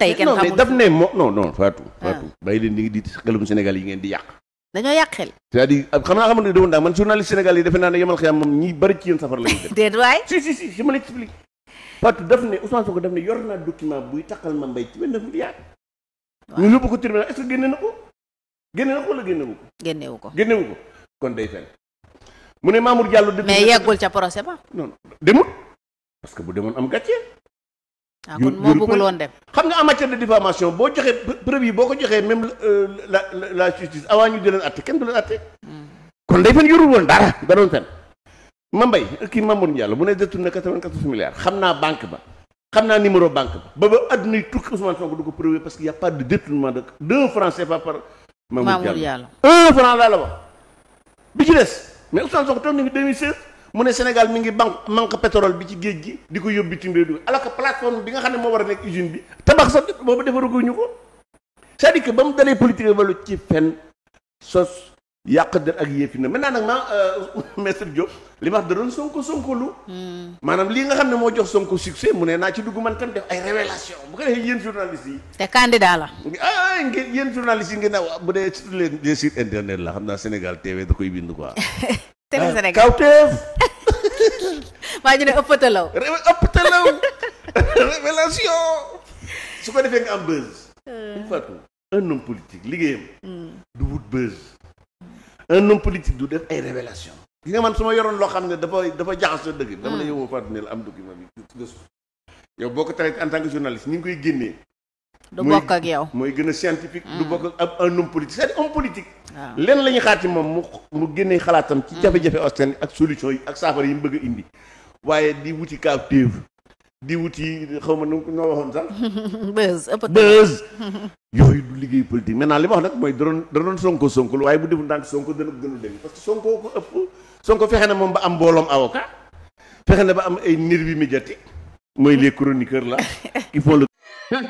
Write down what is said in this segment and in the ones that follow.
tey kenn xamul daf ne mo non non Fatou ah. Fatou bàyyi leen di di xelum Sénégal yi ngeen di yàq dañoo yàq xel c'est-à-dire ah, xam naa xamante ne doon daal man journaliste Sénégal yi defe naa ne xiyam moom ñi bari ci yéen safar lañu def déet waay si si si si ma l'explique Fatou daf ne Ousmane Sonko daf ne yor naa document buy taxal ma mbay ci benn milliard ñu yóbbu ko tribunal est-ce que génne na ko génne na ko wala génnewu ko génnewu kon day fenn mu Mamour Diallo mais yeggul ca procès ba non demul parce que bu demoon am gàccee yu ah, moo bëggul dem. xam nga en matière de diffamation boo joxee preuve boo ko joxee même euh, la la justice avant ñu di leen atte kenn du leen atte hmm. kon day fen woon dara da doon fen ma mbay kii Mamour Diallo bu ne détourné quatre-vingt-quatorze milliards xam naa banque ba xam naa numéro banque ba ba ba àdduna tukki Ousmane Sonko du ko prouver parce que y' a pas de détournement de deux francs CFA par. Mamour Diallo un franc laa la wax. bi ci des mais Ousmane Sonko toog mu ne Sénégal mi ngi banque manque pétrole bi ci géej gi di ko yóbbu bitim réew alors plateforme bi nga xam ne moo war a nekk usine bi tabax sax boobu defaraguñu ko ñu ko dire que ba mu dalee politique valu ci fen sos yàq der ak yéefi na naa nag ma euh, maître Diop li ma wax da doon Sonko Sonko lu hmm. maanaam lii nga xam ne moo jox Sonko succès mu ne naa ci dugg man tam def ay révélation bu ko defee yéen journalistes yi te candidat la ah, ah ngeen yéen journalistes yi ngeen ne bu dee surtout les sites xam naa Sénégal TV da bind quoi télé Sénégal eh, kawteef. maa ngi ne ëpp talaw. ëpp talaw. révélation su ko defee nga eh. am buzz. il faut un homme politique liggéeyam. Hmm. du wut buzz. un homme politique du def ay eh, révélation li nga man su ma yoroon loo xam ne dafa dafa jaxasoo dëgg. dama la yow Fatou ne la am document bi gëstu yow boo ko traité en tant que journaliste ñu ngi koy génnee. du bokk ak yow mooy gën a scientifique. du mm. bokk ak un homme politique c'est homme politique. Ah. lenn la ñuy xaar ci moom mu mu génnee xalaatam. ci mm. jafe-jafe askan ak solution yi ak saafara yi mu bëgg a indi. waaye di wuti kaaw téew di wuti xaw ma nu noo waxoon sax. buzz ëpp buzz. yooyu du liggéey politique maintenant li ma wax nag mooy da doon da doon sonko sonko waaye bu defu ndànk sonko dana gën a dem parce que sonko ko ëpp sonko fexe na moom ba am mbooloom avocat fexe na ba am ay nervi médiatique mooy les chroniqueurs là qui font le. Baye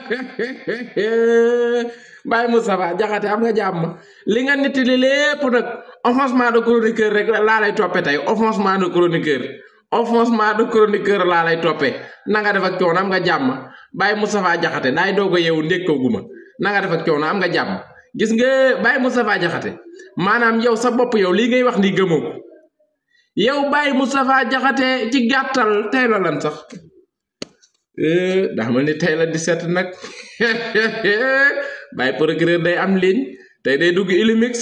Moustapha Jaxate am nga jàmm li nga nit li lépp nag offensement de chroniqueur rek laa lay toppe tey offensement de chroniqueur offensement de chroniqueur laa lay toppe na nga def ak coono am nga jàmm Baye Moustapha Jaxate daay doog a yeewu ndékkooguma na nanga def ak coono am nga jàmm gis nga Baye Moustapha Jaxate maanaam yow sa bopp yow lii ngay wax ni gëmoo ko yow Baye Jaxate ci gàttal tey la sax Eh, ndax ma ni tey la 17 nag bàyyi procureur day am ligne tey day dugg Ilimix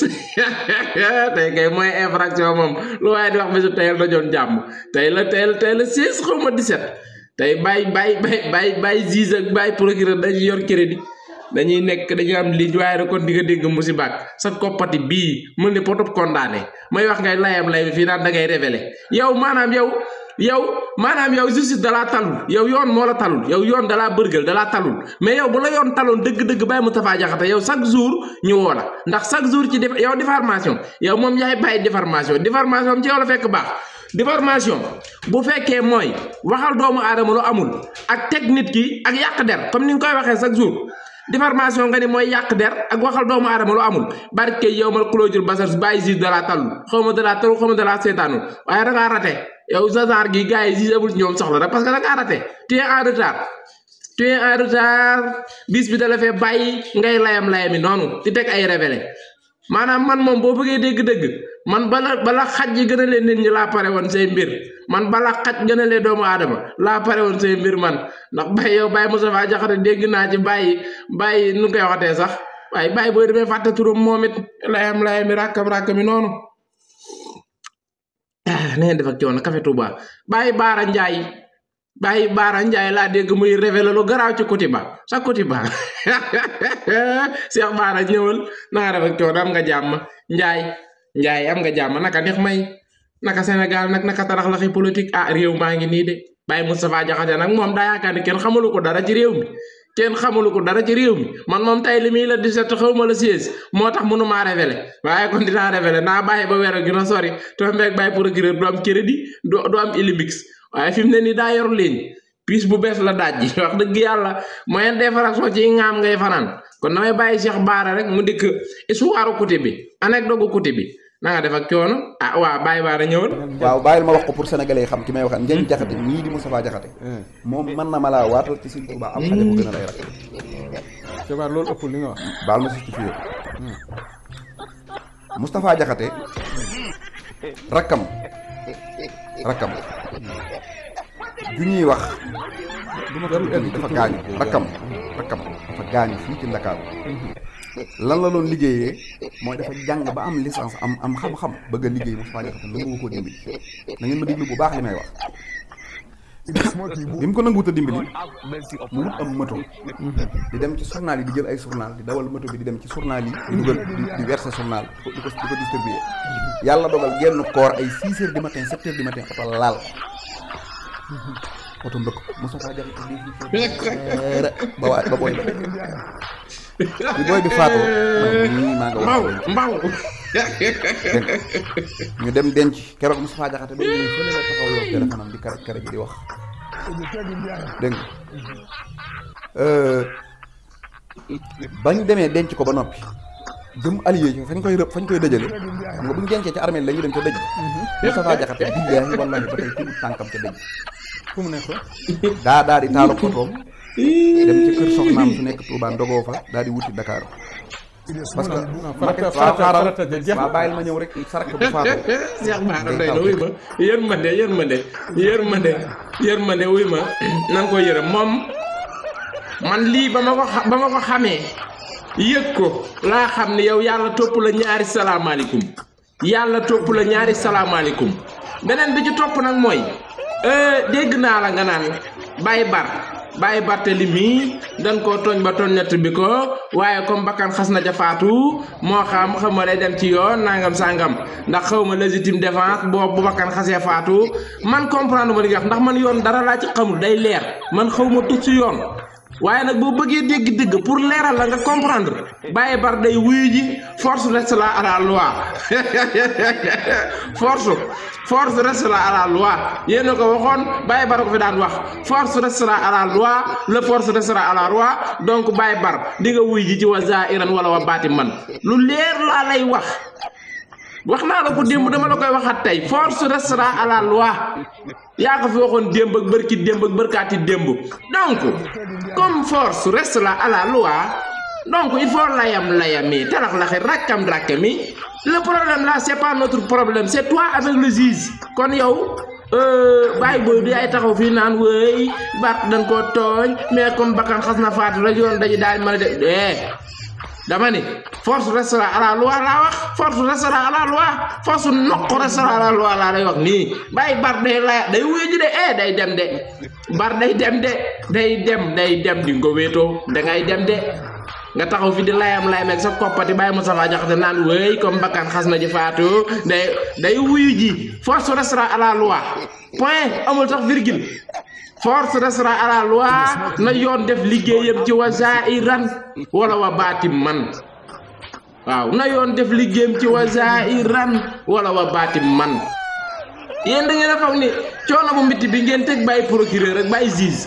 tey ngay moy infraction moom lu waaye di wax bisu tey la doon jàmm tey la tey la tey la 16 xaw ma 17 tey bàyyi bàyyi baay bàyyi juge ak bàyyi procureur dañuy yor crédit dañuy nekk dañuy am ligne waaye rek kon di nga dégg musiba sa koppati bii mën ne potub condamné may wax ngay layam lay bi fii naan da ngay révélé yow maanaam yow. yow maanaam yow justice dalaa talul yow yoon moo la talul yow yoon dalaa bërgal dalaa talul mais yow bu la yoon taloon dëgg-dëgg bay bàyyi Moustapha Diakhaté yow chaque jour ñu woo la ndax chaque jour ci def yow diffamation yow moom yaay bàyyi diffamation diffamation ci yow la fekk baax diffamation bu fekkee mooy waxal doomu aadama lu amul ak teg nit ki ak yàq der comme ni nga koy waxee chaque jour déformation nga ni mooy yàq der ak waxal doomu aadama lu amul barke yow mal kulóojul basar bàyyi gis da laa tallu xaw ma da laa tallu da waaye da ngaa rate yow sasaar gi gars yi gis amul ñoom soxla rek parce que da ngaa rate tu es en retard tu es bis bi da la fee bàyyi ngay layam-layami noonu di teg ay révélé maanaam man moom boo bëggee dégg-dëgg man bala bala xaj yi gën lee nit ñi laa pare woon say mbir man bala xaj gën doomu aadama laa pare woon say mbir man ndax bay yow Baye Moustapha a dégg naa ci bàyyi bàyyi nu koy waxatee sax waaye baay boo demee fàtte turam moom it mi rakkam rakkam yi noonu ah na ngeen def ak ci woon Baara Ndiaye bàyyi Baara Njaay laa dégg muy révélé lu garaaw ci Kutiba sa Kutiba Cheikh Baara ñëwal naa rafet coono am nga jàmm Njaay Njaay am nga jàmm naka neex may naka Sénégal nag naka tarax la xi politique ah réew maa ngi nii de Baye Moustapha Diakhaté nag moom daa yaakaar ni kenn xamalu ko dara ci réew mi kenn xamalu ko dara ci réew mi man moom tey li muy la 17 xaw ma la 16 moo tax mënu maa révélé waaye kon dinaa révélé naa bàyyi ba weer a gën a sori te mbéy Baye procureur du am du am ilimix waye fim ne ni daa yor liñ pis bu bes la dajji ji wax dëgg yàlla moyenne d'infraction ci ngam ngay fanan kon damay baye Cheikh bara rek mu dik iswaru kuti bi dogu kuti bi na nga def ak coono ah wa Baye bara ñewul waaw bàyyil ma wax ko pour sénégalais xam ki may waxaat ngeen jaxati hmm. ni di Moustapha jaxati hmm. mom man na mala laa ci sin touba am xale bu gëna lay rak ci Baara lool ëppul li nga wax. bal ma ci fii hmm. Moustapha jaxati rakam rakkam ju ñuy wax du dafa gaañu rakkam rakkam dafa gaañu fii ci Ndakaaru lan la doon liggéeyee mooy dafa jàng ba am licence am am xam-xam bëgg a liggéey Moustapha mu nangu ko dimbali na ngeen ma déglu bu baax li may wax bi mu ko nanguut a dimbali mu wut am moto di dem ci journal di jël ay journal di dawal moto bi di dem ci journal yi di dugal di verser journal di ko di ko distribuer yàlla dogal genn koor ay 6 heures du matin 7 heures du matin ba ba bi nga wax ñu dem denc keroog Moustapha Diakhaté ba ñu fële la wax. dégg euh, bañ demee denc ko ba noppi jëm allié ci fañ koy rëb fañ koy dëjale xam nga bu dencee ci armée la ñu dem ca dëj mhm. Moustapha Diakhaté billaahi wallaahi ba tey tuut tànkam ca dëj mu nekk daa daa di taalu otoom dem ci kër soxnaam su nekk Touba ndogoo fa daa di wuti Dakar parce que waaw bàyyil ma ñëw rek saraka na ko ko la eh, nga bar bàyyi Barthélemy dañ koo tooñ ba tooñ ñett bi ko waaye comme bakkan xas na ca moo xam xam ma day dem ci yoon nangam sangam ndax xaw ma légitime défense boobu bu bakkan xasee faatu man comprendre ma li nga ndax man yoon dara laa ci xamul day leer man xaw ma tus ci yoon. waaye nag boo bëggee dégg-dégg pour leeral la nga comprendre Baye Bar day wuyu ji force reste la à force force reste la à waxoon Baye Bar ko wax force reste la à la loi le force reste la donc Baye Bar di wuyu ji ci wa zaahiran wala wa baatiman lu leer laa lay wax. waxna la ko demb dama la koy waxat tay force restera à la loi ya ko fi waxone demb ak barki demb ak barkati demb donc comme force restera à la loi donc il faut layam layami la laxi rakam rakami le problème là c'est pas notre problème c'est toi avec le juge kon yow euh, bàyyi boy du ay taxaw fi nan wey bak dañ ko togn mais comme bakan khasna fat faatu dañu de eh, dama ne force restera à la loi laa wax force restera à la loi force nokk restera à la loi laa lay wax nii bàyyi bar day la day wuyu ji de eh day dem de bar day dem de day dem day dem di nga wéetoo da ngay dem nga taxaw fi di layam layam ak sa koppati baye safa jaxate nan wey comme bakkan xas ji fatu day day wuyu ji force restera à la loi point amul sax virgule force restera à la loi na yon def liggéeyam ci wazairan wala wa batim man waaw na yon def liggéeyam ci wazairan wala wa batim man yeen da ngeen fam ni coono bu mbitti bi ngeen tek bàyyi procureur ak bàyyi juge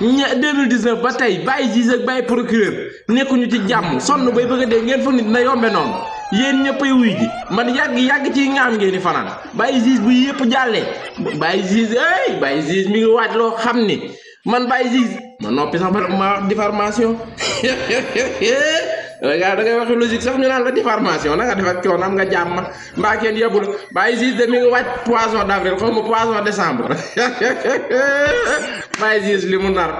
ña 2019 ba tey bàyyi juge ak bàyyi procureur ñu ci jàmm sonn bay bëgg a dee ngeen fa nit na yombe noonu yéen ñëppay wuy ji man yàgg yàgg ci ngaam ngeen di fanaan bàyyi juge bu yëpp jàllee bàyyi juge ay bàyyi juge mi ngi waaj loo xam ni man bàyyi juge ma noppi sax ma wax diffamation gaa da ngay waxi logique sax ñu naan la diffamation na nga def ak coono am nga jàmm mbaa kenn yóbbu la bàyyi gis de mi ngi wàcc poisson d'avril xaw ma poisson décembre bàyyi gis li mu nar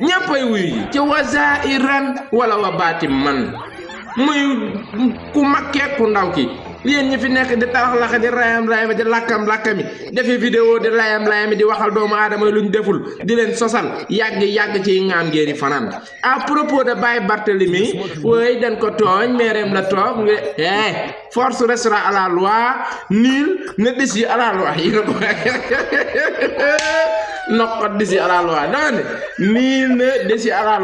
ñàppay wuy ci wa zairan wala wa baati man muy ku mag ku ndaw ki yéen ñi fi nekk di talax laxe di rayam rayam di lakam lakami defi video di layam layam di waxal doomu aadama luñ deful di len sosal yàgg yàgg ci ngam geeri fanan a propos de bay bartelimi way dañ ko togn merem la tok nge eh force restera à la loi nil ne décide à la loi yi ko noqot desi à la loi dama ne nul ne desi à la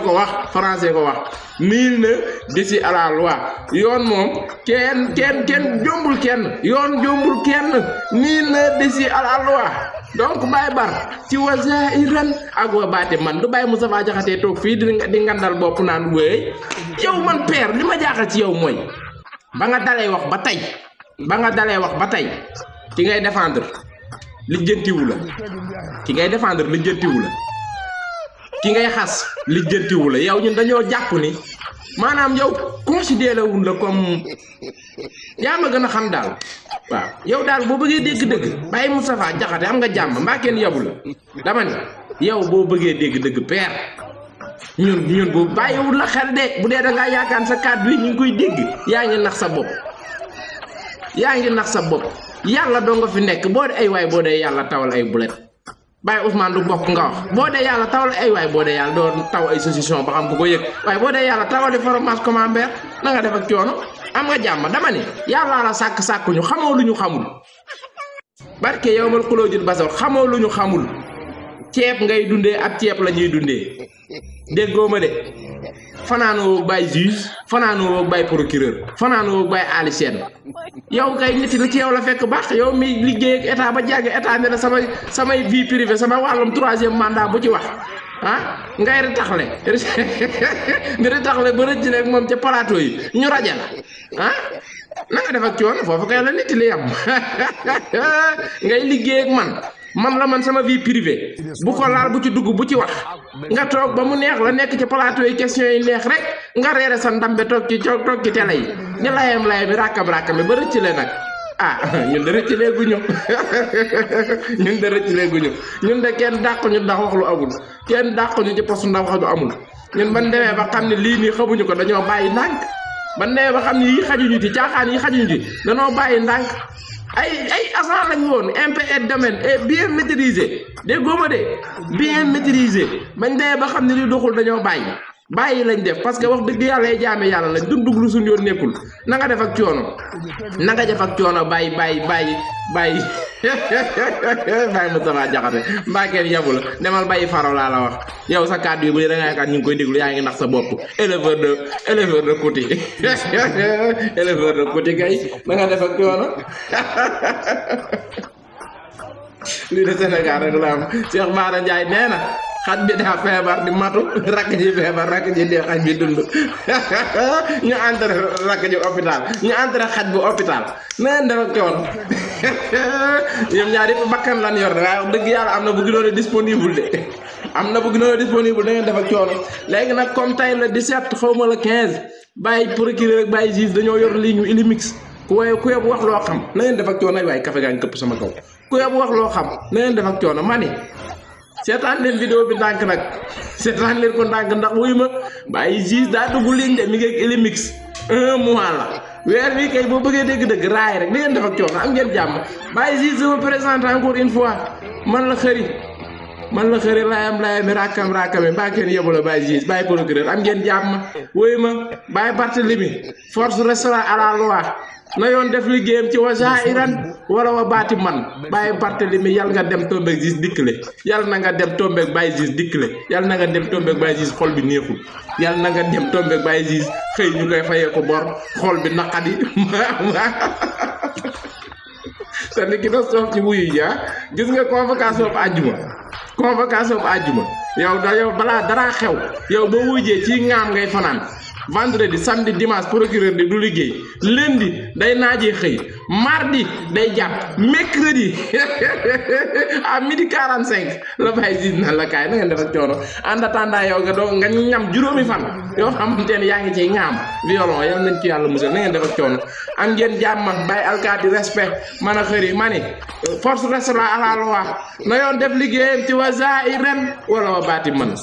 ko wax français ko wax nul ne desi yoon moom kenn kenn kenn jombul kenn yoon jombul kenn nul ne desi à la loi donc Baye Bar ci wa zahiran ak wa baate man du mu Moustapha Diakhaté toog fii di di ngandal bopp naan wéy yow man père li ma jaaxal ci yow mooy ba nga dalee wax ba tey ba nga dalee wax ba tey ki ngay défendre lijjantiwu la ki ngay défendre lijjantiwu la ki ngay xas lijjantiwu la yow ñun dañoo jàpp ni maanaam yow considéré wuñ la comme yaa ma gën a xam daal waaw yow daal boo bëggee dégg-dëgg bàyyi Moustapha Diakhaté am nga jàmm mbaa kenn yabu la dama ni yow boo bëggee dégg-dëgg peer ñun ñun bu bàyyiwul la xel de bu dee da ngaa yaakaar sa kàddu yi ñu koy dégg yaa nax sa nax sa yàlla doo nga fi nekk boo dee ay waay boo dee yàlla tawal ay bulet Baye Ousmane du bokk nga wax boo dee yàlla tawal ay waay boo dee yàlla doo taw ay solution ba xam ku ko yëg waaye boo dee yàlla tawal di fromage camembert na nga def a coono am nga jàmm dama ni yàllaa la sàkk sàkk ñu xamoo lu ñu xamul barke yow mal kuloo jul xamoo lu ñu xamul ceeb ngay dundé ak ceeb lañuy dundé dundee déggoo ma de fanaanoo bay juge fanano bay procureur fanano bay ali seen yow kay nit la ci yow la fekk bax yow mi liggéey ak état ba jagg état né sama sama vie privée sama walum 3e mandat bu ci wax ha ah, ngay retaxle di taxlé ba rëcc nek mom ci plateau yi ñu radja la ah na nga def ak coono fofu kay la nit li yam ngay liggéey ak man man la man sama vie privée bu ko laal bu ci dugg bu ci wax ah, nga toog ba mu neex la nekk ci plateau yi questions yi neex rek nga reere sa ndambe toog ci toog ci télé yi ñu layam layam yi ràkkam ràkkam ba rëcc le nag ah ñun de rëcc lee guñu ñun de rëcc lee guñu de kenn dàq ñu ndax wax lu amul kenn dàq ñu ci postu ndax wax lu amul ñun ban demee ba xam ne lii nii xamuñu ko dañoo bàyyi ndànk ban demee ba xam ne yii xajuñu ci caaxaan yi xajuñu ci dañoo bàyyi ndànk ay ay agent lañ woon impr domaine et bien maîtrisé déggoo ma de bien maîtrisé bañ demee ba xam ne li doxul dañoo bàyyi bàyyi lañ def parce que wax dëgg yàlla yi jaame yàlla lañ dundug lu suñ yoon nekkul na def ak coono na nga def ak coono bàyyi bàyyi bàyyi bàyyi bàyyi Moustapha Diakhaté mbaa kenn yabu la demal bàyyi faro laa la wax yow sa kàddu yi bu dee da nga yaakaar ñu ngi koy déglu yaa ngi nax sa bopp éleveur de éleveur de kuti éleveur de kuti kay na def ak coono lii de Sénégal rek la am Cheikh Bara Ndiaye nee na xaj bi daa feebar di matu rakk ji feebar rakk ji dee xaj bi dund ñu entre rakk ji hôpital ñu entre xaj bu hôpital na def ak coon ñoom ñaar yëpp bakkan lan yor de waaye wax dëgg yàlla am na bu gënoon a disponible de am na bu gënoon a disponible da ngeen def ak coon léegi nag comme tey le 17 xaw ma le 15 bàyyi procureur ak dañoo yor ligne bi Illimix ku waaye ku yóbbu wax loo xam na ngeen def ak coono waaye kafe gaa ngi këpp sama kaw ku yóbbu wax loo xam na ngeen def ak coono ma ni seetaan leen vidéo bi ndànk nag seetaan leen ko ndànk ndax wuyu ma bàyyi juge daa dugg ligne de mi ngi ak Elimix un mois la weer bii kay boo bëggee dégg-dëgg raay rek di ngeen def ak coono am ngeen jàmm bàyyi juge sama présente encore une fois man la xëri man la xëri raayam raayam raakam raakam mbaa kenn yebu la bàyyi juge bàyyi procureur am ngeen jàmm wuyu ma bàyyi Barthélemy force restera à la loi na yoon def liggéeyam ci wa zahiran wala wa baati man bàyyi Barthélemy yal nga dem tombeeg gis dikkle yal na nga dem tombeeg bàyyi dikk dikkle yal na nga dem tombeeg bàyyi gis xol bi neexul yal na nga dem tombeeg bàyyi gis xëy ñu koy fayee ko bor xool bi naqadi te ni ki na soof ci wuyu ji ah, gis nga convocation bu àjjuma convocation bu àjjuma yow da yow balaa daraa xew yow ba wujjee ci ngaam ngay fanaan vendredi samedi dimanche procureur de du liguey lundi day naji xey mardi day jàpp mercredi à midi 45 la bay dit na la kay na ngeen def coono en attendant yow nga do nga ñam juróomi fan yo xamantene yaangi ci ñam violon yal nañ ci yalla musal na ngeen def coono am ngeen jàmm bàyyi alkaati respect mana a mani force restera à la loi na yon def liguey ci wa wala wa